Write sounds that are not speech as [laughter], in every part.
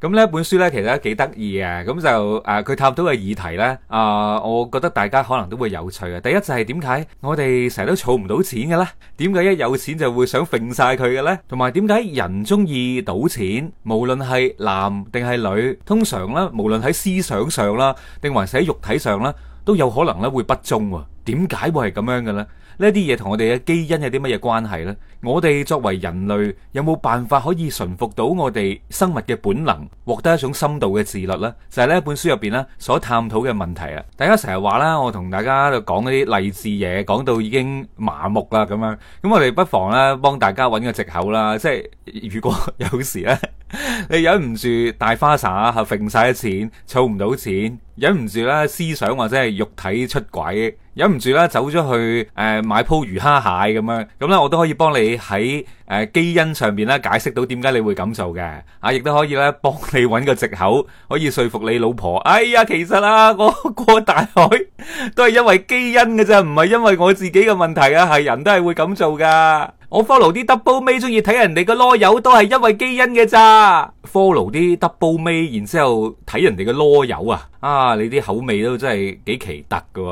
咁呢一本書咧，其實幾得意嘅，咁就誒，佢探討嘅議題咧，啊，我覺得大家可能都會有趣嘅。第一就係點解我哋成日都儲唔到錢嘅咧？點解一有錢就會想揈晒佢嘅咧？同埋點解人中意賭錢，無論係男定係女，通常咧，無論喺思想上啦，定還是喺肉體上啦，都有可能咧會不忠。點解會係咁樣嘅咧？呢啲嘢同我哋嘅基因有啲乜嘢關係呢？我哋作為人類，有冇辦法可以馴服到我哋生物嘅本能，獲得一種深度嘅自律呢？就係呢本書入邊咧所探討嘅問題啊！大家成日話啦，我同大家講嗰啲勵志嘢，講到已經麻木啦咁樣，咁我哋不妨咧幫大家揾個藉口啦，即係如果有時咧。 [laughs] 你忍唔住大花灑吓，揈晒啲錢，儲唔到錢，忍唔住咧思想或者係肉體出軌，忍唔住咧走咗去誒買鋪魚蝦蟹咁樣，咁咧我都可以幫你喺誒基因上邊咧解釋到點解你會咁做嘅，啊亦都可以咧幫你揾個藉口，可以說服你老婆，哎呀其實啊我過大海都係因爲基因嘅啫，唔係因爲我自己嘅問題啊，係人都係會咁做噶。我 follow 啲 double 眉，中意睇人哋嘅囉柚都係因為基因嘅咋。follow 啲 double m 味，然之後睇人哋嘅囉柚啊！啊，你啲口味都真係幾奇特㗎喎。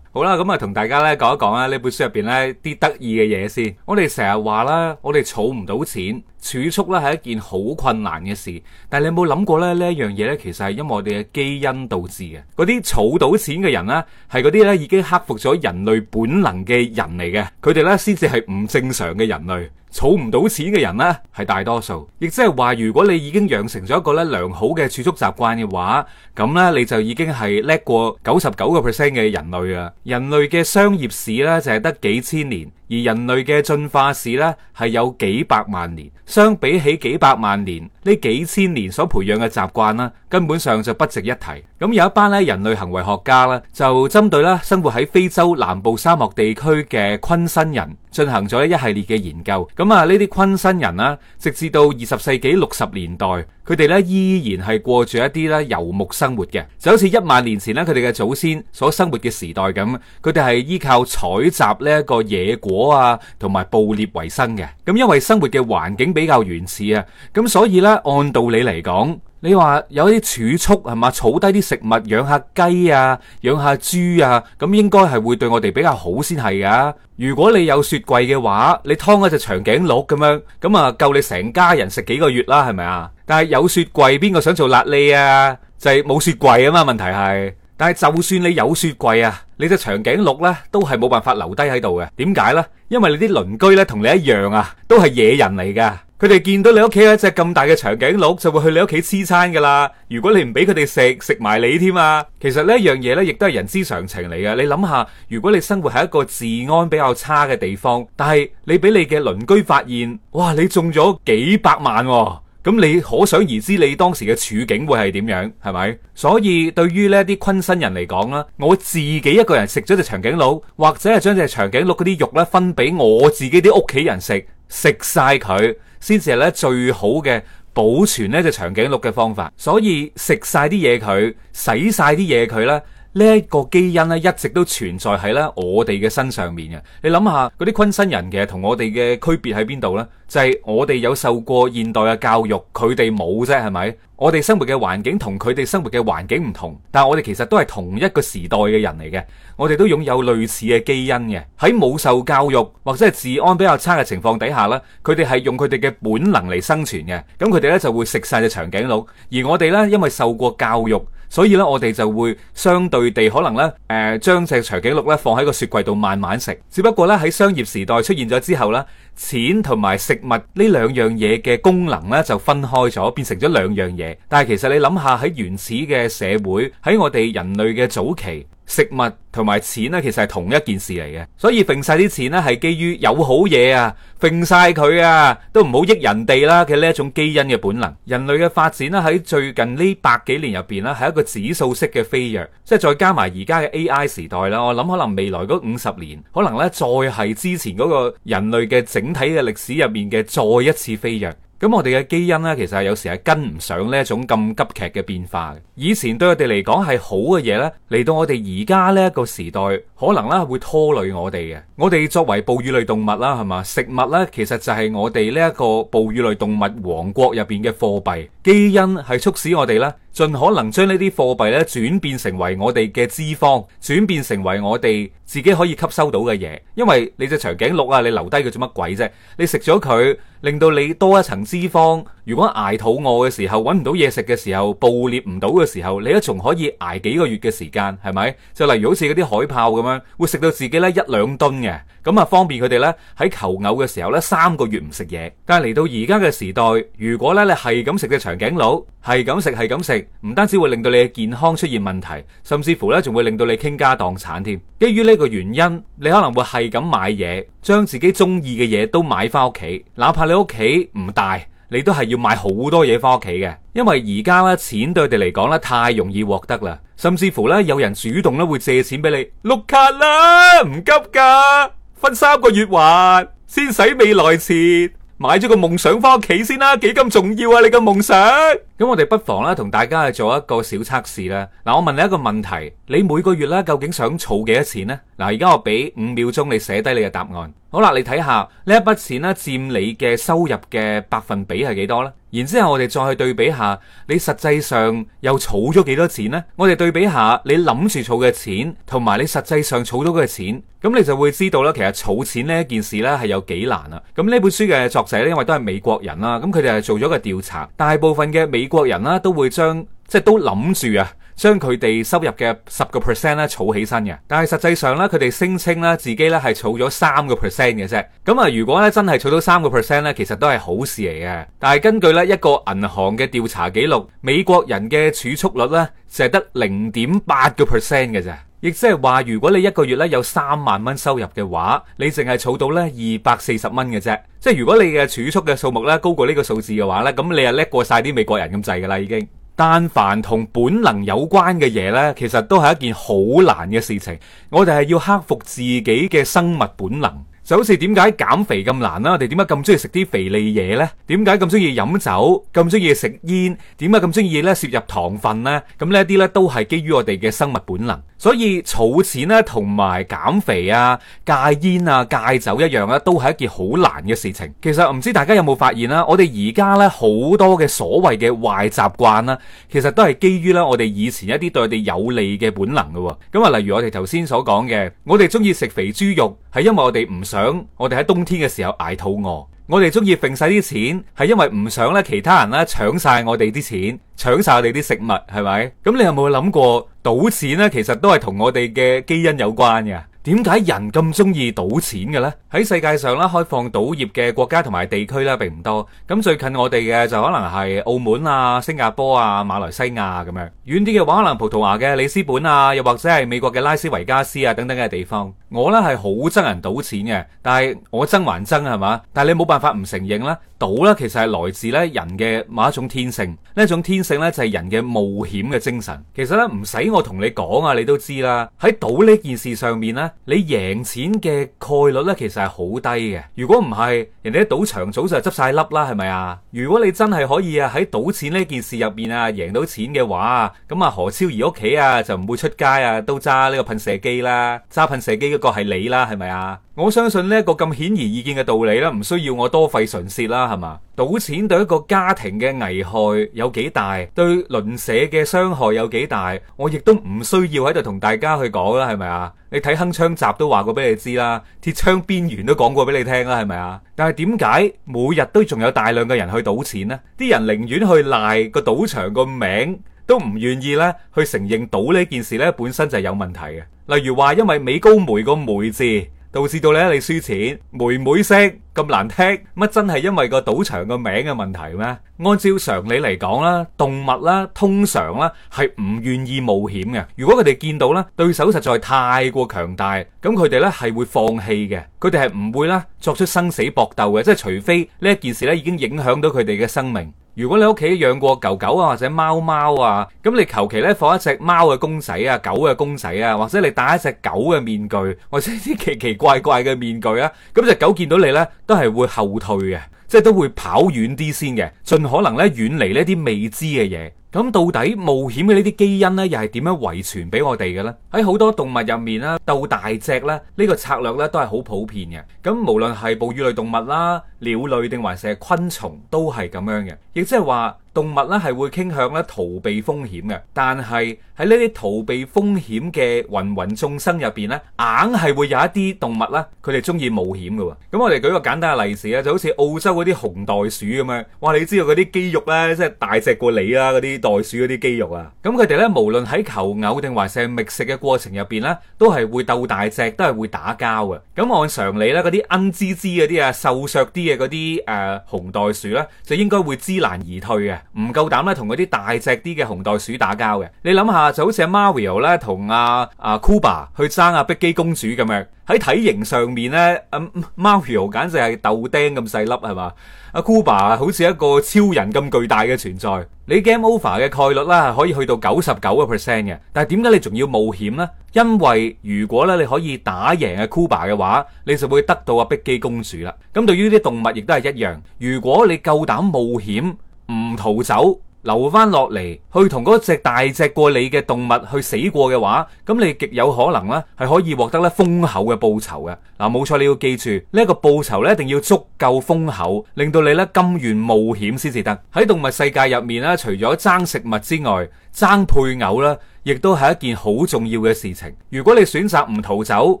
好啦，咁啊，同大家咧講一講啊，呢本書入邊咧啲得意嘅嘢先。我哋成日話啦，我哋儲唔到錢，儲蓄咧係一件好困難嘅事。但係你有冇諗過咧？呢一樣嘢咧，其實係因為我哋嘅基因導致嘅。嗰啲儲到錢嘅人咧，係嗰啲咧已經克服咗人類本能嘅人嚟嘅。佢哋咧先至係唔正常嘅人類。儲唔到錢嘅人咧係大多數，亦即係話，如果你已經養成咗一個咧良好嘅儲蓄習慣嘅話，咁咧你就已經係叻過九十九個 percent 嘅人類啊！人類嘅商業史咧就係得幾千年，而人類嘅進化史咧係有幾百萬年。相比起幾百萬年，呢幾千年所培養嘅習慣啦，根本上就不值一提。咁有一班咧人類行為學家啦，就針對啦生活喺非洲南部沙漠地區嘅昆新人進行咗一系列嘅研究。咁啊，呢啲昆新人啦，直至到二十世紀六十年代，佢哋咧依然係過住一啲咧遊牧生活嘅，就好似一萬年前咧佢哋嘅祖先所生活嘅時代咁，佢哋係依靠採集呢一個野果啊，同埋捕獵為生嘅。咁因為生活嘅環境比較原始啊，咁所以咧按道理嚟講。你話有啲儲蓄係嘛，儲低啲食物，養下雞啊，養下豬啊，咁應該係會對我哋比較好先係噶如果你有雪櫃嘅話，你劏一隻長頸鹿咁樣，咁啊夠你成家人食幾個月啦，係咪啊？但係有雪櫃，邊個想做辣脷啊？就係、是、冇雪櫃啊嘛。問題係，但係就算你有雪櫃啊，你隻長頸鹿咧都係冇辦法留低喺度嘅。點解呢？因為你啲鄰居咧同你一樣啊，都係野人嚟噶。佢哋見到你屋企有一隻咁大嘅長頸鹿，就會去你屋企黐餐㗎喇。如果你唔俾佢哋食，食埋你添啊！其實呢一樣嘢呢，亦都係人之常情嚟嘅。你諗下，如果你生活喺一個治安比較差嘅地方，但係你俾你嘅鄰居發現，哇！你中咗幾百萬喎！哦！咁你可想而知，你當時嘅處境會係點樣？係咪？所以對於呢啲昆身人嚟講啦，我自己一個人食咗隻長頸鹿，或者係將隻長頸鹿嗰啲肉呢，分俾我自己啲屋企人食，食晒佢先至係呢最好嘅保存呢隻長頸鹿嘅方法。所以食晒啲嘢佢，洗晒啲嘢佢呢。呢一個基因咧一直都存在喺咧我哋嘅身上面嘅，你諗下嗰啲昆身人其實同我哋嘅區別喺邊度咧？就係我哋有受過現代嘅教育，佢哋冇啫，係咪？我哋生活嘅環境同佢哋生活嘅環境唔同，但係我哋其實都係同一個時代嘅人嚟嘅，我哋都擁有類似嘅基因嘅。喺冇受教育或者係治安比較差嘅情況底下呢，佢哋係用佢哋嘅本能嚟生存嘅。咁佢哋呢就會食晒隻長頸鹿，而我哋呢因為受過教育，所以呢我哋就會相對地可能呢誒將隻長頸鹿呢放喺個雪櫃度慢慢食。只不過呢，喺商業時代出現咗之後呢。錢同埋食物呢兩樣嘢嘅功能呢，就分開咗，變成咗兩樣嘢。但係其實你諗下，喺原始嘅社會，喺我哋人類嘅早期。食物同埋錢咧，其實係同一件事嚟嘅，所以揈晒啲錢咧係基於有好嘢啊，揈晒佢啊，都唔好益人哋啦嘅呢一種基因嘅本能。人類嘅發展咧，喺最近呢百幾年入邊咧係一個指數式嘅飛躍，即係再加埋而家嘅 AI 時代啦。我諗可能未來嗰五十年，可能咧再係之前嗰個人類嘅整體嘅歷史入面嘅再一次飛躍。咁我哋嘅基因呢，其實係有時係跟唔上呢一種咁急劇嘅變化嘅。以前對我哋嚟講係好嘅嘢呢，嚟到我哋而家呢一個時代，可能呢會拖累我哋嘅。我哋作為哺乳類動物啦，係嘛，食物呢，其實就係我哋呢一個哺乳類動物王國入邊嘅貨幣。基因係促使我哋呢。盡可能將呢啲貨幣呢轉變成為我哋嘅脂肪，轉變成為我哋自己可以吸收到嘅嘢。因為你隻長頸鹿啊，你留低佢做乜鬼啫？你食咗佢，令到你多一層脂肪。如果挨肚餓嘅時候，搵唔到嘢食嘅時候，捕獵唔到嘅時候，你都仲可以挨幾個月嘅時間，係咪？就例如好似嗰啲海豹咁樣，會食到自己呢一兩噸嘅，咁啊方便佢哋呢喺求偶嘅時候呢三個月唔食嘢。但係嚟到而家嘅時代，如果呢你係咁食隻長頸鹿，係咁食係咁食，唔單止會令到你嘅健康出現問題，甚至乎呢仲會令到你傾家蕩產添。基於呢個原因，你可能會係咁買嘢，將自己中意嘅嘢都買翻屋企，哪怕你屋企唔大。你都係要買好多嘢翻屋企嘅，因為而家咧錢對佢哋嚟講咧太容易獲得啦，甚至乎咧有人主動咧會借錢俾你碌卡啦，唔急㗎，分三個月還先使未來錢。買咗個夢想翻屋企先啦，幾咁重要啊！你個夢想咁，我哋不妨咧同大家去做一個小測試啦。嗱，我問你一個問題：你每個月咧究竟想儲幾多錢呢？嗱，而家我俾五秒鐘你寫低你嘅答案。好啦，你睇下呢一筆錢咧佔你嘅收入嘅百分比係幾多呢？然之後我哋再去對比下，你實際上又儲咗幾多錢呢？我哋對比下你諗住儲嘅錢，同埋你實際上儲到嘅錢，咁你就會知道啦。其實儲錢呢一件事咧係有幾難啊。咁呢本書嘅作者咧，因為都係美國人啦，咁佢哋係做咗一個調查，大部分嘅美國人啦都會將，即係都諗住啊。將佢哋收入嘅十個 percent 咧儲起身嘅，但係實際上咧佢哋聲稱咧自己咧係儲咗三個 percent 嘅啫。咁啊，如果咧真係儲到三個 percent 咧，其實都係好事嚟嘅。但係根據咧一個銀行嘅調查記錄，美國人嘅儲蓄率咧淨係得零點八個 percent 嘅啫。亦即係話，如果你一個月咧有三萬蚊收入嘅話，你淨係儲到咧二百四十蚊嘅啫。即係如果你嘅儲蓄嘅數目咧高過呢個數字嘅話咧，咁你又叻過晒啲美國人咁滯㗎喇已經。但凡同本能有關嘅嘢咧，其實都係一件好難嘅事情。我哋係要克服自己嘅生物本能。就好似點解減肥咁難啦？我哋點解咁中意食啲肥膩嘢呢？點解咁中意飲酒？咁中意食煙？點解咁中意呢攝入糖分呢？咁呢啲呢都係基於我哋嘅生物本能。所以儲錢呢，同埋減肥啊、戒煙啊、戒酒一樣呢，都係一件好難嘅事情。其實唔知大家有冇發現啦？我哋而家呢好多嘅所謂嘅壞習慣啦，其實都係基於呢我哋以前一啲對我哋有利嘅本能噶。咁啊，例如我哋頭先所講嘅，我哋中意食肥豬肉係因為我哋唔。想我哋喺冬天嘅時候挨肚餓，我哋中意揈晒啲錢，係因為唔想咧其他人咧搶晒我哋啲錢，搶晒我哋啲食物，係咪？咁你有冇諗過賭錢咧？其實都係同我哋嘅基因有關嘅。點解人咁中意賭錢嘅呢？喺世界上啦，開放賭業嘅國家同埋地區呢，並唔多。咁最近我哋嘅就可能係澳門啊、新加坡啊、馬來西亞咁樣，遠啲嘅話，可能葡萄牙嘅里斯本啊，又或者係美國嘅拉斯維加斯啊等等嘅地方。我呢係好憎人賭錢嘅，但係我憎還憎係嘛？但係你冇辦法唔承認啦，賭呢，其實係來自呢人嘅某一種天性，呢一種天性呢就係人嘅冒險嘅精神。其實呢唔使我同你講啊，你都知啦。喺賭呢件事上面呢。你贏錢嘅概率咧，其實係好低嘅。如果唔係，人哋啲賭場早就係執晒粒啦，係咪啊？如果你真係可以啊，喺賭錢呢件事入面啊，贏到錢嘅話，咁啊何超儀屋企啊就唔會出街啊，都揸呢個噴射機啦，揸噴射機嗰個係你啦，係咪啊？我相信呢一個咁顯而易見嘅道理咧，唔需要我多費唇舌啦，係嘛。賭錢對一個家庭嘅危害有幾大，對鄰舍嘅傷害有幾大，我亦都唔需要喺度同大家去講啦，係咪啊？你睇《鏗鏘集》都話過俾你知啦，鐵槍《鐵窗邊緣》都講過俾你聽啦，係咪啊？但係點解每日都仲有大量嘅人去賭錢呢？啲人寧願去賴個賭場個名，都唔願意咧去承認賭呢件事咧本身就係有問題嘅。例如話，因為美高梅個梅字。導致到咧你輸錢，妹妹聲，咁難聽，乜真係因為個賭場個名嘅問題咩？按照常理嚟講啦，動物啦通常啦係唔願意冒險嘅。如果佢哋見到咧對手實在太過強大，咁佢哋咧係會放棄嘅。佢哋係唔會啦作出生死搏鬥嘅，即係除非呢一件事咧已經影響到佢哋嘅生命。如果你屋企養過狗狗啊或者貓貓啊，咁你求其咧放一隻貓嘅公仔啊、狗嘅公仔啊，或者你戴一隻狗嘅面具，或者啲奇奇怪怪嘅面具啊，咁隻狗見到你咧都係會後退嘅，即係都會跑遠啲先嘅，盡可能咧遠離呢啲未知嘅嘢。咁到底冒險嘅呢啲基因咧，又係點樣遺傳俾我哋嘅咧？喺好多動物入面啦，鬥大隻啦，呢個策略咧都係好普遍嘅。咁無論係哺乳類動物啦。鳥類定還係昆蟲都係咁樣嘅，亦即係話動物咧係會傾向咧逃避風險嘅。但係喺呢啲逃避風險嘅芸芸眾生入邊咧，硬係會有一啲動物咧，佢哋中意冒險嘅。咁我哋舉個簡單嘅例子咧，就好似澳洲嗰啲紅袋鼠咁樣。哇，你知道嗰啲肌肉咧，即係大隻過你啦，嗰啲袋鼠嗰啲肌肉啊。咁佢哋咧，無論喺求偶定還係覓食嘅過程入邊咧，都係會鬥大隻，都係會打交嘅。咁按常理咧，嗰啲恩滋滋嗰啲啊，瘦削啲嘅嗰啲誒紅袋鼠咧，就應該會知難而退嘅，唔夠膽咧同嗰啲大隻啲嘅紅袋鼠打交嘅。你諗下，就好似阿 Mario 咧同阿阿 Koopa 去爭阿、啊、碧姬公主咁樣，喺體型上面咧、啊、Mario 簡直係豆丁咁細粒，係嘛？阿 Kuba 好似一個超人咁巨大嘅存在，你 game over 嘅概率啦可以去到九十九個 percent 嘅，但係點解你仲要冒險呢？因為如果咧你可以打贏阿 Kuba 嘅話，你就會得到阿碧姬公主啦。咁對於啲動物亦都係一樣，如果你夠膽冒險唔逃走。留翻落嚟，去同嗰隻大隻過你嘅動物去死過嘅話，咁你極有可能咧係可以獲得咧豐厚嘅報酬嘅。嗱，冇錯，你要記住呢一個報酬咧一定要足夠豐厚，令到你咧甘願冒險先至得。喺動物世界入面咧，除咗爭食物之外，爭配偶啦。亦都係一件好重要嘅事情。如果你選擇唔逃走，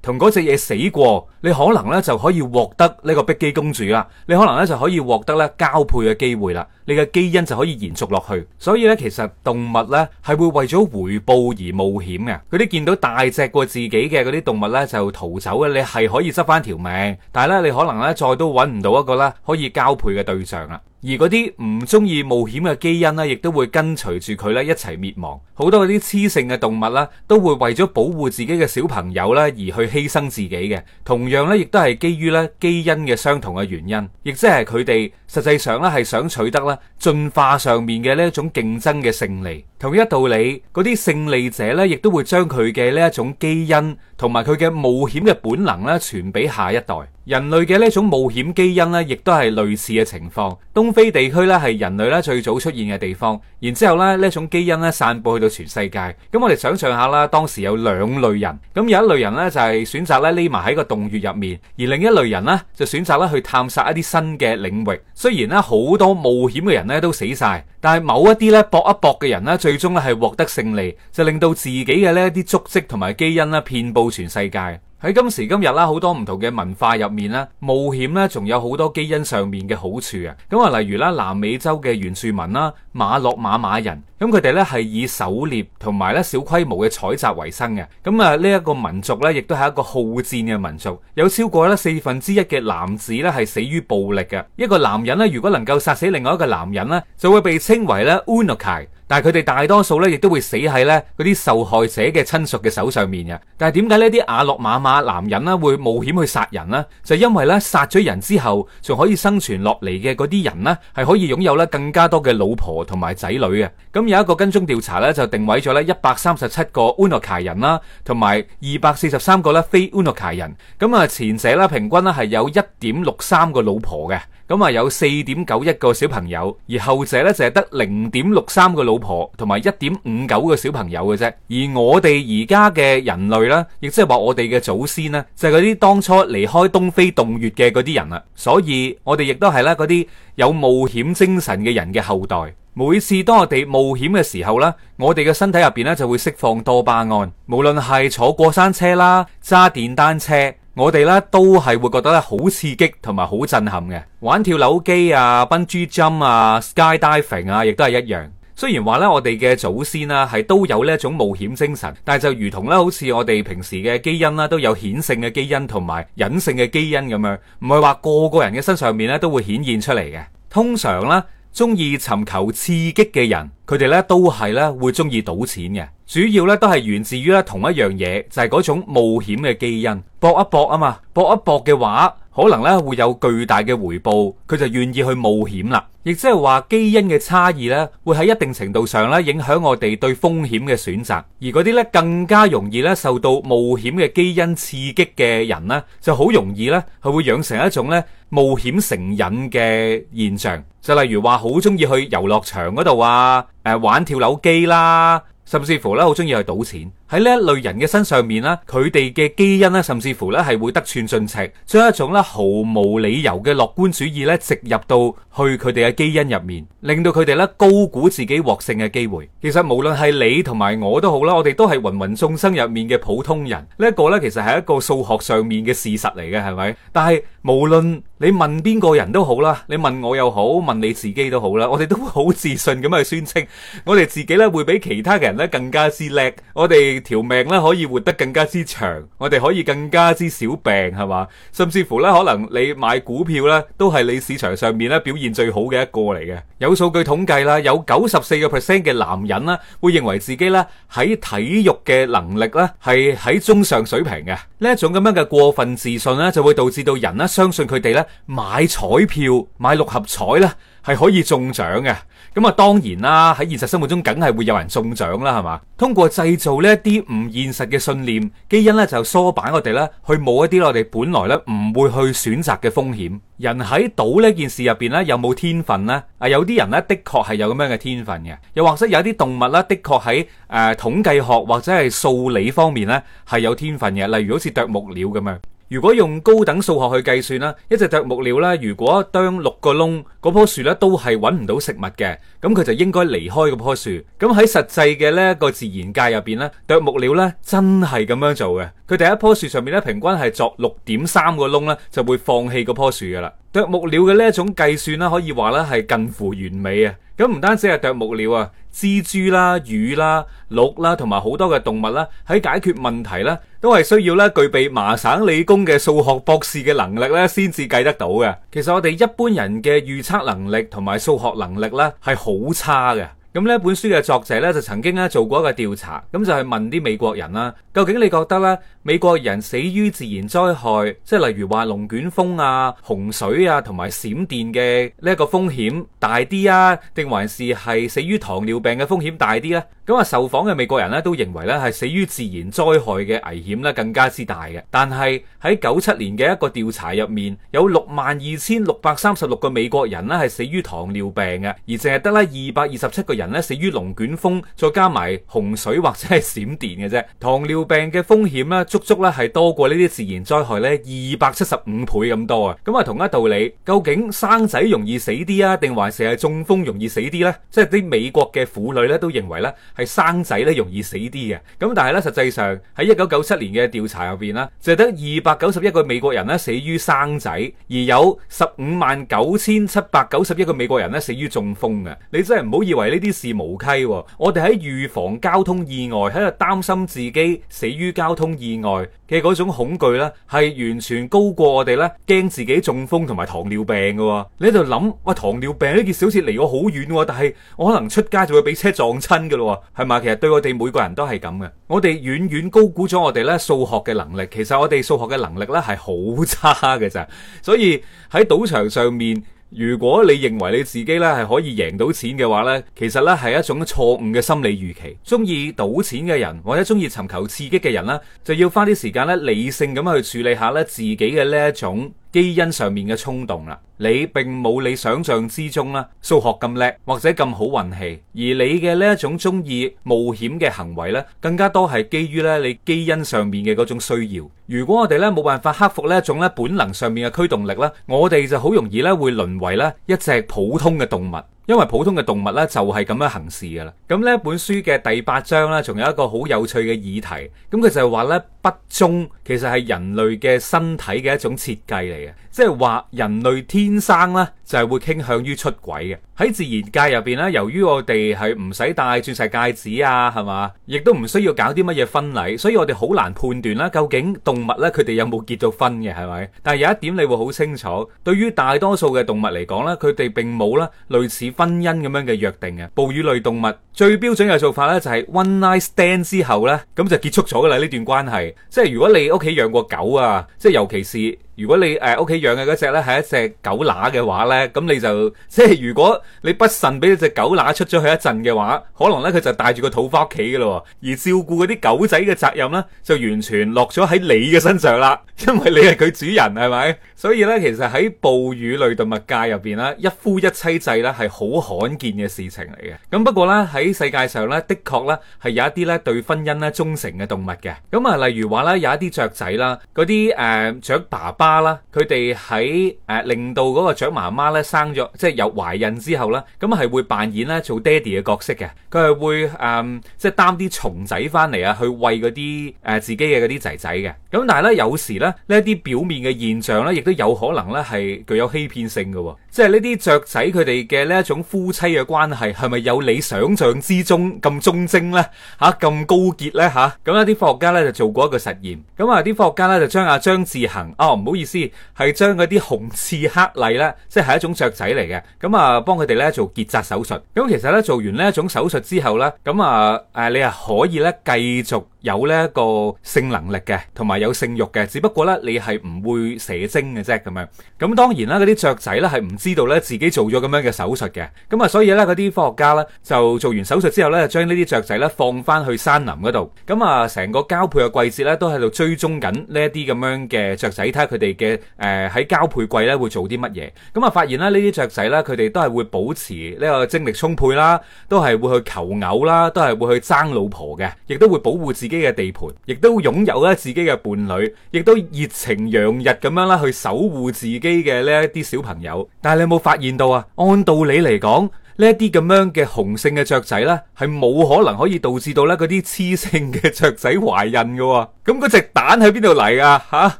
同嗰隻嘢，死過，你可能咧就可以獲得呢個碧姬公主啊，你可能咧就可以獲得咧交配嘅機會啦，你嘅基因就可以延續落去。所以咧，其實動物咧係會為咗回報而冒險嘅。嗰啲見到大隻過自己嘅嗰啲動物呢就逃走嘅，你係可以執翻條命，但係咧你可能咧再都揾唔到一個咧可以交配嘅對象啦。而嗰啲唔中意冒險嘅基因咧，亦都會跟隨住佢咧一齊滅亡。好多嗰啲雌性嘅動物啦，都會為咗保護自己嘅小朋友咧而去犧牲自己嘅。同樣咧，亦都係基於咧基因嘅相同嘅原因，亦即係佢哋實際上咧係想取得咧進化上面嘅呢一種競爭嘅勝利。同一道理，嗰啲勝利者咧，亦都會將佢嘅呢一種基因同埋佢嘅冒險嘅本能咧，傳俾下一代。人類嘅呢一種冒險基因咧，亦都係類似嘅情況。東非地區咧係人類咧最早出現嘅地方，然之後咧呢一種基因咧散佈去到全世界。咁我哋想像下啦，當時有兩類人，咁有一類人咧就係選擇咧匿埋喺個洞穴入面，而另一類人咧就選擇咧去探索一啲新嘅領域。雖然咧好多冒險嘅人咧都死曬，但係某一啲咧搏一搏嘅人咧最最終咧係獲得勝利，就令到自己嘅呢一啲足跡同埋基因咧，遍佈全世界。喺今時今日啦，好多唔同嘅文化入面咧，冒險咧，仲有好多基因上面嘅好處啊。咁啊，例如啦，南美洲嘅原住民啦，馬洛馬馬人，咁佢哋咧係以狩獵同埋咧小規模嘅採集為生嘅。咁啊，呢一個民族咧，亦都係一個好戰嘅民族，有超過咧四分之一嘅男子咧係死於暴力嘅。一個男人咧，如果能夠殺死另外一個男人咧，就會被稱為咧 Un Unokai。但係佢哋大多數咧，亦都會死喺咧嗰啲受害者嘅親屬嘅手上面嘅。但係點解呢啲阿洛馬馬男人呢會冒險去殺人呢？就因為咧殺咗人之後，仲可以生存落嚟嘅，嗰啲人呢，係可以擁有咧更加多嘅老婆同埋仔女嘅。咁有一個跟蹤調查咧，就定位咗咧一百三十七個烏諾卡人啦，同埋二百四十三個咧非烏諾卡人。咁啊，前者咧平均咧係有一點六三個老婆嘅。咁啊，有四點九一個小朋友，而後者咧就係得零點六三個老婆同埋一點五九個小朋友嘅啫。而我哋而家嘅人類呢，亦即係話我哋嘅祖先呢，就係嗰啲當初離開東非洞穴嘅嗰啲人啦。所以，我哋亦都係咧嗰啲有冒險精神嘅人嘅後代。每次當我哋冒險嘅時候呢，我哋嘅身體入邊呢，就會釋放多巴胺，無論係坐過山車啦、揸電單車。我哋咧都係會覺得好刺激同埋好震撼嘅，玩跳樓機啊、笨豬跳啊、skydiving 啊，亦都係一樣。雖然話呢，我哋嘅祖先啦係都有呢一種冒險精神，但係就如同呢，好似我哋平時嘅基因啦，都有顯性嘅基因同埋隱性嘅基因咁樣，唔係話個個人嘅身上面咧都會顯現出嚟嘅。通常呢。中意尋求刺激嘅人，佢哋咧都係咧會中意賭錢嘅，主要咧都係源自於咧同一樣嘢，就係嗰種冒險嘅基因，搏一搏啊嘛，搏一搏嘅話，可能咧會有巨大嘅回報，佢就願意去冒險啦。亦即係話基因嘅差異咧，會喺一定程度上咧影響我哋對風險嘅選擇，而嗰啲咧更加容易咧受到冒險嘅基因刺激嘅人咧，就好容易咧係會養成一種咧。冒險成癮嘅現象，就例如話好中意去遊樂場嗰度啊，誒、呃、玩跳樓機啦，甚至乎咧好中意去賭錢。喺呢一類人嘅身上面咧，佢哋嘅基因咧，甚至乎咧係會得寸進尺，將一種咧毫無理由嘅樂觀主義咧植入到去佢哋嘅基因入面，令到佢哋咧高估自己獲勝嘅機會。其實無論係你同埋我都好啦，我哋都係芸芸眾生入面嘅普通人。呢、這個、一個咧其實係一個數學上面嘅事實嚟嘅，係咪？但係無論你問邊個人都好啦，你問我又好，問你自己都好啦。我哋都好自信咁樣去宣稱，我哋自己咧會比其他嘅人咧更加之叻，我哋條命咧可以活得更加之長，我哋可以更加之少病，係嘛？甚至乎咧，可能你買股票咧，都係你市場上面咧表現最好嘅一個嚟嘅。有數據統計啦，有九十四個 percent 嘅男人咧會認為自己咧喺體育嘅能力咧係喺中上水平嘅。呢一種咁樣嘅過分自信咧，就會導致到人咧相信佢哋咧。買彩票買六合彩呢，係可以中獎嘅。咁啊，當然啦，喺現實生活中，梗係會有人中獎啦，係嘛？通過製造呢一啲唔現實嘅信念，基因呢就唆擺我哋咧，去冇一啲我哋本來呢唔會去選擇嘅風險。人喺賭呢件事入邊呢，有冇天分呢？啊，有啲人呢，的確係有咁樣嘅天分嘅，又或者有啲動物咧的確喺誒統計學或者係數理方面呢，係有天分嘅，例如好似啄木鳥咁樣。如果用高等數學去計算啦，一隻啄木鳥啦，如果啄六個窿，嗰棵樹咧都係揾唔到食物嘅，咁佢就應該離開嗰棵樹。咁喺實際嘅呢個自然界入邊咧，啄木鳥咧真係咁樣做嘅。佢第一棵樹上面咧平均係作六點三個窿咧，就會放棄嗰棵樹㗎喇。啄木鳥嘅呢一種計算啦，可以話咧係近乎完美啊！咁唔單止係啄木鳥啊，蜘蛛啦、魚啦、鹿啦，同埋好多嘅動物啦，喺解決問題咧，都係需要咧具備麻省理工嘅數學博士嘅能力咧，先至計得到嘅。其實我哋一般人嘅預測能力同埋數學能力咧，係好差嘅。咁呢本書嘅作者呢，就曾經咧做過一個調查，咁就係問啲美國人啦，究竟你覺得咧美國人死於自然災害，即係例如話龍捲風啊、洪水啊同埋閃電嘅呢一個風險大啲啊，定還是係死於糖尿病嘅風險大啲呢？咁啊，受訪嘅美國人咧都認為咧係死於自然災害嘅危險咧更加之大嘅。但係喺九七年嘅一個調查入面，有六萬二千六百三十六個美國人咧係死於糖尿病嘅，而淨係得啦二百二十七個人咧死於龍捲風，再加埋洪水或者係閃電嘅啫。糖尿病嘅風險咧足足咧係多過呢啲自然災害咧二百七十五倍咁多啊！咁啊，同一道理，究竟生仔容易死啲啊，定還是係中風容易死啲咧？即係啲美國嘅婦女咧都認為咧。生仔咧容易死啲嘅，咁但係咧實際上喺一九九七年嘅調查入邊咧，就係得二百九十一個美國人咧死於生仔，而有十五萬九千七百九十一個美國人咧死於中風嘅。你真係唔好以為呢啲事無稽喎。我哋喺預防交通意外，喺度擔心自己死於交通意外嘅嗰種恐懼咧，係完全高過我哋咧驚自己中風同埋糖尿病嘅。你喺度諗，喂，糖尿病呢件小事離我好遠，但係我可能出街就會俾車撞親嘅咯。係嘛？其實對我哋每個人都係咁嘅。我哋遠遠高估咗我哋咧數學嘅能力。其實我哋數學嘅能力咧係好差嘅咋，所以喺賭場上面，如果你認為你自己咧係可以贏到錢嘅話咧，其實咧係一種錯誤嘅心理預期。中意賭錢嘅人或者中意尋求刺激嘅人咧，就要花啲時間咧理性咁去處理下咧自己嘅呢一種。基因上面嘅衝動啦，你並冇你想象之中啦，數學咁叻或者咁好運氣，而你嘅呢一種鍾意冒險嘅行為咧，更加多係基於咧你基因上面嘅嗰種需要。如果我哋咧冇辦法克服呢一種咧本能上面嘅驅動力咧，我哋就好容易咧會淪為咧一隻普通嘅動物。因為普通嘅動物咧就係咁樣行事噶啦，咁呢本書嘅第八章呢，仲有一個好有趣嘅議題，咁佢就係話咧不中忠，其實係人類嘅身體嘅一種設計嚟嘅。即係話人類天生咧就係會傾向於出軌嘅，喺自然界入邊咧，由於我哋係唔使戴鑽石戒指啊，係嘛，亦都唔需要搞啲乜嘢婚禮，所以我哋好難判斷啦。究竟動物咧，佢哋有冇結咗婚嘅係咪？但係有一點你會好清楚，對於大多數嘅動物嚟講咧，佢哋並冇啦類似婚姻咁樣嘅約定嘅。哺乳類動物最標準嘅做法咧就係 one night stand 之後咧，咁就結束咗㗎啦呢段關係。即係如果你屋企養過狗啊，即係尤其是。如果你誒屋企養嘅嗰隻咧係一隻狗乸嘅話咧，咁你就即係如果你不慎俾隻狗乸出咗去一陣嘅話，可能咧佢就帶住個肚返屋企嘅咯，而照顧嗰啲狗仔嘅責任咧，就完全落咗喺你嘅身上啦，因為你係佢主人，係咪？所以咧，其實喺哺乳類動物界入邊咧，一夫一妻制咧係好罕見嘅事情嚟嘅。咁不過咧喺世界上咧，的確咧係有一啲咧對婚姻咧忠誠嘅動物嘅。咁啊，例如話咧有一啲雀仔啦，嗰啲誒雀爸爸啦，佢哋喺誒令到嗰個雀媽媽咧生咗，即係有懷孕之後咧，咁係會扮演咧做爹哋嘅角色嘅，佢係會誒、呃、即係擔啲蟲仔翻嚟啊，去喂嗰啲誒自己嘅嗰啲仔仔嘅。咁但係咧有時咧呢一啲表面嘅現象咧，亦都有可能咧係具有欺騙性嘅，即係呢啲雀仔佢哋嘅呢一種夫妻嘅關係係咪有你想象之中咁忠貞咧？吓咁、啊、高潔咧？吓咁有啲科學家咧就做過一個實驗，咁啊啲科學家咧就將阿張智恒啊唔好。哦哦哦好意思，係將嗰啲紅翅黑鸝咧，即係一種雀仔嚟嘅，咁啊幫佢哋咧做結紮手術。咁其實咧做完呢一種手術之後咧，咁啊誒你係可以咧繼續有呢一個性能力嘅，同埋有性慾嘅，只不過咧你係唔會射精嘅啫，咁樣。咁當然啦，嗰啲雀仔咧係唔知道咧自己做咗咁樣嘅手術嘅。咁啊，所以咧嗰啲科學家咧就做完手術之後咧，將呢啲雀仔咧放翻去山林嗰度。咁啊，成個交配嘅季節咧都喺度追蹤緊呢一啲咁樣嘅雀仔，睇下佢哋嘅誒喺交配季咧會做啲乜嘢？咁啊發現啦，呢啲雀仔咧佢哋都係會保持呢個精力充沛啦，都係會去求偶啦，都係會去爭老婆嘅，亦都會保護自己嘅地盤，亦都擁有咧自己嘅伴侶，亦都熱情洋溢咁樣啦去守護自己嘅呢一啲小朋友。但係你有冇發現到啊？按道理嚟講。呢一啲咁樣嘅雄性嘅雀仔呢，係冇可能可以導致到呢嗰啲雌性嘅雀仔懷孕㗎喎。咁嗰隻蛋喺邊度嚟啊？吓、啊，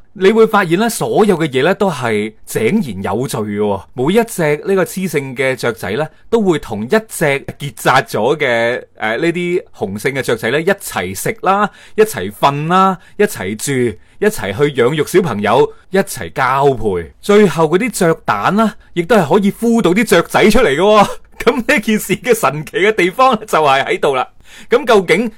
你會發現呢所有嘅嘢呢，都係井然有序㗎喎。每一隻呢個雌性嘅雀仔呢，都會同一隻結紮咗嘅誒呢啲雄性嘅雀仔呢，一齊食啦，一齊瞓啦，一齊住，一齊去養育小朋友，一齊交配，最後嗰啲雀蛋啦，亦都係可以孵到啲雀仔出嚟㗎喎。咁呢件事嘅神奇嘅地方就係喺度啦。咁究竟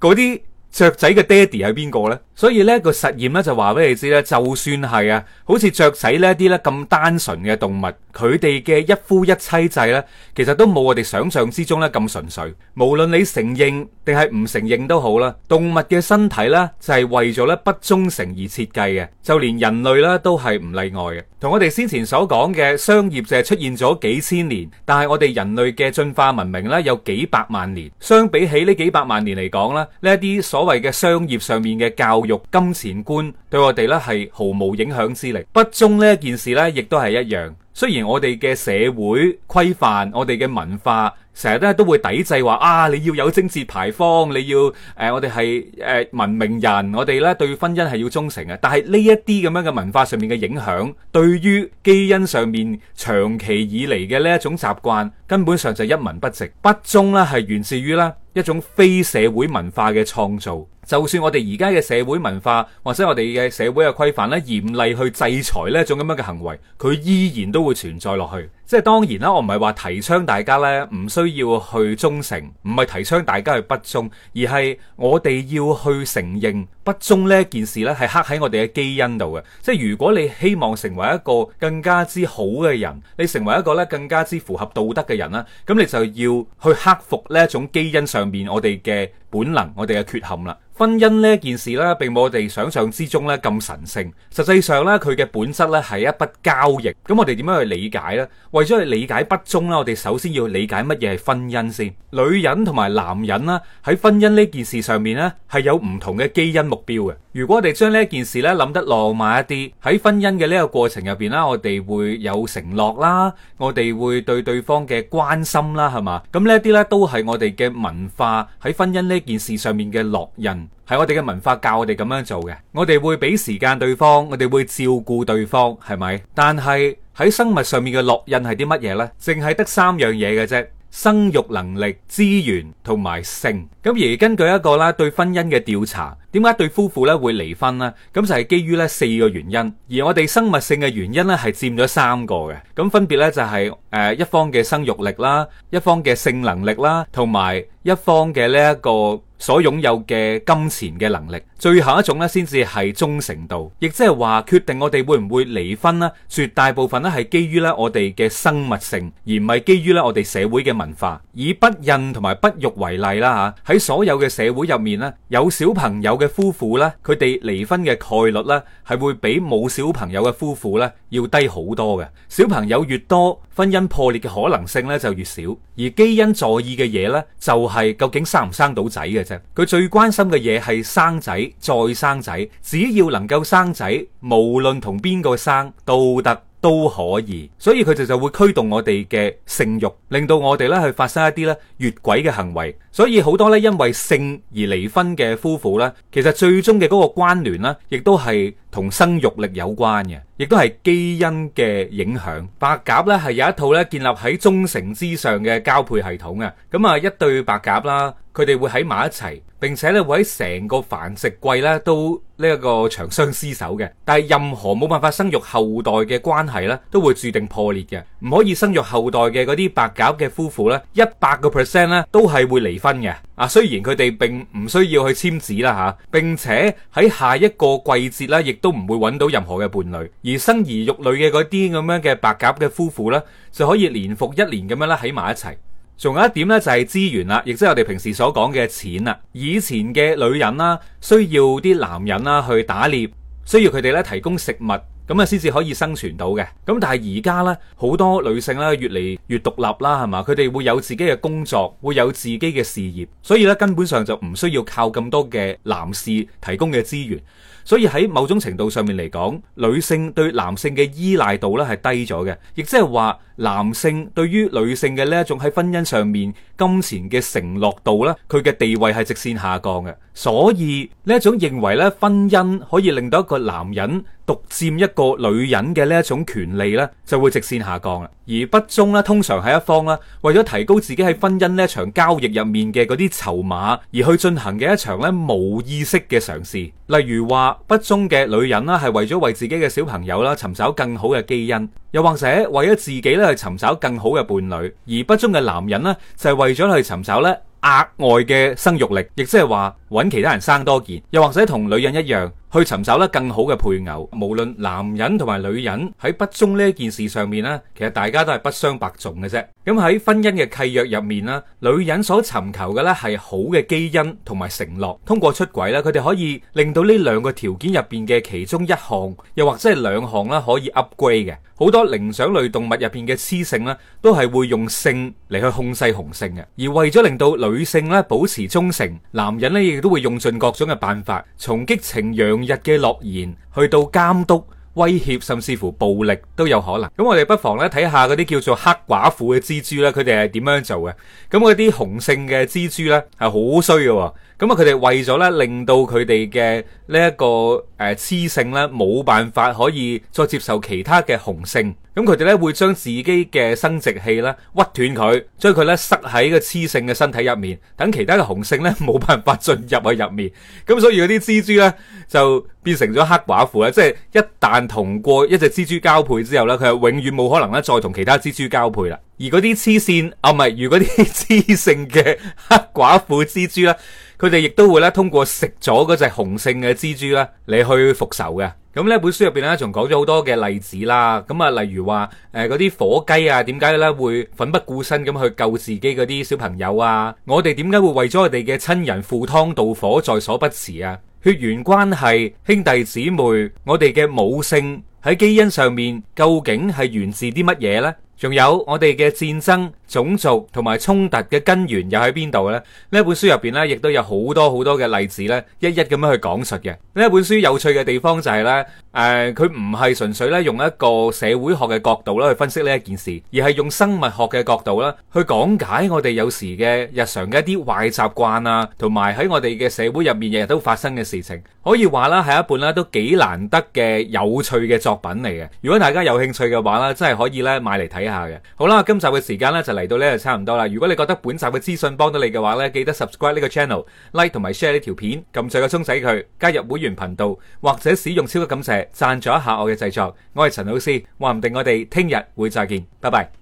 嗰啲雀仔嘅爹哋係邊個咧？所以呢個實驗咧就話俾你知咧，就算係啊，好似雀仔呢一啲咧咁單純嘅動物，佢哋嘅一夫一妻制咧，其實都冇我哋想象之中咧咁純粹。無論你承認定係唔承認都好啦，動物嘅身體咧就係為咗咧不忠誠而設計嘅，就連人類咧都係唔例外嘅。同我哋先前所講嘅商業就係出現咗幾千年，但係我哋人類嘅進化文明咧有幾百萬年。相比起呢幾百萬年嚟講咧，呢一啲所謂嘅商業上面嘅教教育金錢觀對我哋咧係毫無影響之力，不忠呢件事呢亦都係一樣。雖然我哋嘅社會規範、我哋嘅文化，成日咧都會抵制話啊，你要有貞節牌坊，你要誒、呃，我哋係誒文明人，我哋咧對婚姻係要忠誠嘅。但係呢一啲咁樣嘅文化上面嘅影響，對於基因上面長期以嚟嘅呢一種習慣，根本上就一文不值。不忠呢係源自於呢一種非社會文化嘅創造。就算我哋而家嘅社會文化或者我哋嘅社會嘅規範咧嚴厲去制裁呢一種咁樣嘅行為，佢依然都會存在落去。即係當然啦，我唔係話提倡大家咧唔需要去忠誠，唔係提倡大家去不忠，而係我哋要去承認不忠呢件事咧係刻喺我哋嘅基因度嘅。即係如果你希望成為一個更加之好嘅人，你成為一個咧更加之符合道德嘅人啦，咁你就要去克服呢一種基因上面我哋嘅本能、我哋嘅缺陷啦。婚姻呢件事咧，並冇我哋想象之中咧咁神聖，實際上咧佢嘅本質咧係一筆交易。咁我哋點樣去理解呢？為咗去理解不忠啦，我哋首先要理解乜嘢係婚姻先。女人同埋男人啦，喺婚姻呢件事上面咧，係有唔同嘅基因目標嘅。如果我哋將呢一件事咧諗得浪漫一啲，喺婚姻嘅呢個過程入邊啦，我哋會有承諾啦，我哋會對對方嘅關心啦，係嘛？咁呢一啲咧都係我哋嘅文化喺婚姻呢件事上面嘅烙印，係我哋嘅文化教我哋咁樣做嘅。我哋會俾時間對方，我哋會照顧對方，係咪？但係。喺生物上面嘅烙印係啲乜嘢呢？淨係得三樣嘢嘅啫，生育能力、資源同埋性。咁而根據一個啦，對婚姻嘅調查，點解一對夫婦咧會離婚呢？咁就係基於呢四個原因，而我哋生物性嘅原因咧係佔咗三個嘅。咁分別咧就係誒一方嘅生育力啦，一方嘅性能力啦，同埋一方嘅呢一個。所擁有嘅金錢嘅能力，最後一種咧，先至係忠誠度，亦即係話決定我哋會唔會離婚咧，絕大部分咧係基於咧我哋嘅生物性，而唔係基於咧我哋社會嘅文化。以不孕同埋不育為例啦嚇，喺所有嘅社會入面咧，有小朋友嘅夫婦咧，佢哋離婚嘅概率咧係會比冇小朋友嘅夫婦咧要低好多嘅。小朋友越多，婚姻破裂嘅可能性咧就越少。而基因在意嘅嘢呢，就係究竟生唔生到仔嘅啫。佢最關心嘅嘢係生仔、再生仔，只要能夠生仔，無論同邊個生，道德都可以。所以佢哋就會驅動我哋嘅性欲，令到我哋呢去發生一啲咧越軌嘅行為。所以好多呢，因為性而離婚嘅夫婦呢，其實最終嘅嗰個關聯呢，亦都係同生育力有關嘅。亦都係基因嘅影響，白鴿咧係有一套咧建立喺忠誠之上嘅交配系統嘅。咁啊，一對白鴿啦，佢哋會喺埋一齊，並且咧會喺成個繁殖季咧都呢一個長相廝守嘅。但係任何冇辦法生育後代嘅關係咧，都會註定破裂嘅。唔可以生育後代嘅嗰啲白鴿嘅夫婦咧，一百個 percent 咧都係會離婚嘅。啊，雖然佢哋並唔需要去簽字啦嚇，並且喺下一個季節咧，亦都唔會揾到任何嘅伴侶而。而生兒育女嘅嗰啲咁樣嘅白鴿嘅夫婦呢，就可以年復一年咁樣咧喺埋一齊。仲有一點呢，就係資源啦，亦即係我哋平時所講嘅錢啦。以前嘅女人啦，需要啲男人啦去打獵，需要佢哋咧提供食物，咁啊先至可以生存到嘅。咁但係而家呢，好多女性咧越嚟越獨立啦，係嘛？佢哋會有自己嘅工作，會有自己嘅事業，所以咧根本上就唔需要靠咁多嘅男士提供嘅資源。所以喺某種程度上面嚟講，女性對男性嘅依賴度咧係低咗嘅，亦即係話男性對於女性嘅呢一種喺婚姻上面金錢嘅承諾度咧，佢嘅地位係直線下降嘅。所以呢一種認為咧，婚姻可以令到一個男人獨佔一個女人嘅呢一種權利咧，就會直線下降啦。而不忠咧，通常係一方啦，為咗提高自己喺婚姻呢一場交易入面嘅嗰啲籌碼，而去進行嘅一場咧無意識嘅嘗試，例如話，不忠嘅女人啦，係為咗為自己嘅小朋友啦，尋找更好嘅基因，又或者為咗自己咧去尋找更好嘅伴侶；而不忠嘅男人呢，就係為咗去尋找咧額外嘅生育力，亦即係話揾其他人生多件，又或者同女人一樣。去尋找咧更好嘅配偶，無論男人同埋女人喺不忠呢一件事上面咧，其實大家都係不相伯仲嘅啫。咁喺婚姻嘅契約入面咧，女人所尋求嘅咧係好嘅基因同埋承諾。通過出軌咧，佢哋可以令到呢兩個條件入邊嘅其中一項，又或者係兩項啦，可以 upgrade 嘅。好多靈長類動物入邊嘅雌性咧，都係會用性嚟去控制雄性嘅。而為咗令到女性咧保持忠誠，男人咧亦都會用盡各種嘅辦法，從激情、養日嘅諾言，去到監督、威脅，甚至乎暴力都有可能。咁我哋不妨咧睇下嗰啲叫做黑寡婦嘅蜘蛛咧，佢哋係點樣做嘅？咁嗰啲雄性嘅蜘蛛咧係好衰嘅。咁啊，佢哋為咗咧令到佢哋嘅呢一個誒雌性咧冇辦法可以再接受其他嘅雄性。咁佢哋咧會將自己嘅生殖器咧屈斷佢，將佢咧塞喺個雌性嘅身體入面，等其他嘅雄性咧冇辦法進入喺入面。咁所以嗰啲蜘蛛咧就變成咗黑寡婦啦，即係一旦同過一隻蜘蛛交配之後咧,佢係永遠冇可能咧再同其他蜘蛛交配啦。而嗰啲黐線啊，唔係，如果啲雌性嘅黑寡婦蜘蛛咧，佢哋亦都會咧通過食咗嗰隻雄性嘅蜘蛛咧嚟去復仇嘅。咁呢本書入邊咧，仲講咗好多嘅例子啦。咁啊，例如話，誒嗰啲火雞啊，點解咧會奮不顧身咁去救自己嗰啲小朋友啊？我哋點解會為咗我哋嘅親人赴湯蹈火，在所不辭啊？血緣關係、兄弟姊妹，我哋嘅母性喺基因上面究竟係源自啲乜嘢呢？仲有我哋嘅戰爭、種族同埋衝突嘅根源又喺邊度咧？呢一本書入邊咧，亦都有好多好多嘅例子咧，一一咁樣去講述嘅。呢一本書有趣嘅地方就係咧，誒，佢唔係純粹咧用一個社會學嘅角度咧去分析呢一件事，而係用生物學嘅角度咧去講解我哋有時嘅日常嘅一啲壞習慣啊，同埋喺我哋嘅社會入面日日都發生嘅事情。可以話啦，係一本咧都幾難得嘅有趣嘅作品嚟嘅。如果大家有興趣嘅話咧，真係可以咧買嚟睇。睇下嘅，好啦，今集嘅時間呢就嚟到呢就差唔多啦。如果你覺得本集嘅資訊幫到你嘅話呢，記得 subscribe 呢個 channel，like 同埋 share 呢條片，撳最個鐘仔佢加入會員頻道，或者使用超級感謝贊助一下我嘅製作。我係陳老 C，話唔定我哋聽日會再見，拜拜。